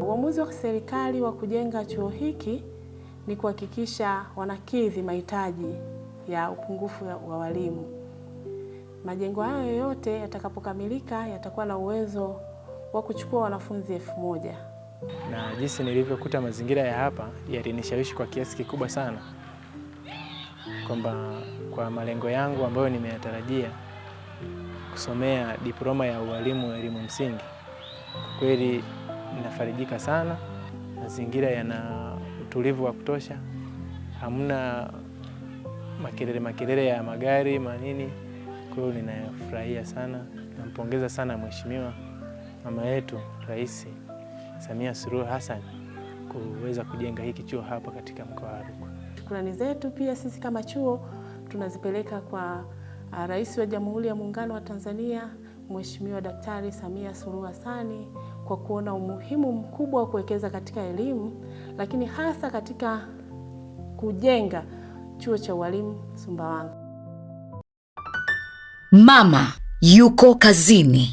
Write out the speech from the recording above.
Uamuzi wa serikali wa kujenga chuo hiki ni kuhakikisha wanakidhi mahitaji ya upungufu wa walimu. Majengo hayo yote yatakapokamilika yatakuwa na uwezo wa kuchukua wanafunzi elfu moja na jinsi nilivyokuta mazingira ya hapa yalinishawishi kwa kiasi kikubwa sana kwamba kwa malengo yangu ambayo nimeyatarajia kusomea diploma ya ualimu wa elimu msingi, kwa kweli ninafarijika sana. Mazingira yana utulivu wa kutosha, hamna makelele makelele ya magari manini. Kwa hiyo ninafurahia sana, nampongeza sana mheshimiwa mama yetu Rais Samia Suluhu Hassan kuweza kujenga hiki chuo hapa katika mkoa wa Rukwa. Shukrani zetu pia sisi kama chuo tunazipeleka kwa ah, Rais wa Jamhuri ya Muungano wa Tanzania Mheshimiwa Daktari Samia Suluhu Hassan kwa kuona umuhimu mkubwa wa kuwekeza katika elimu, lakini hasa katika kujenga chuo cha ualimu Sumbawanga. Mama yuko kazini.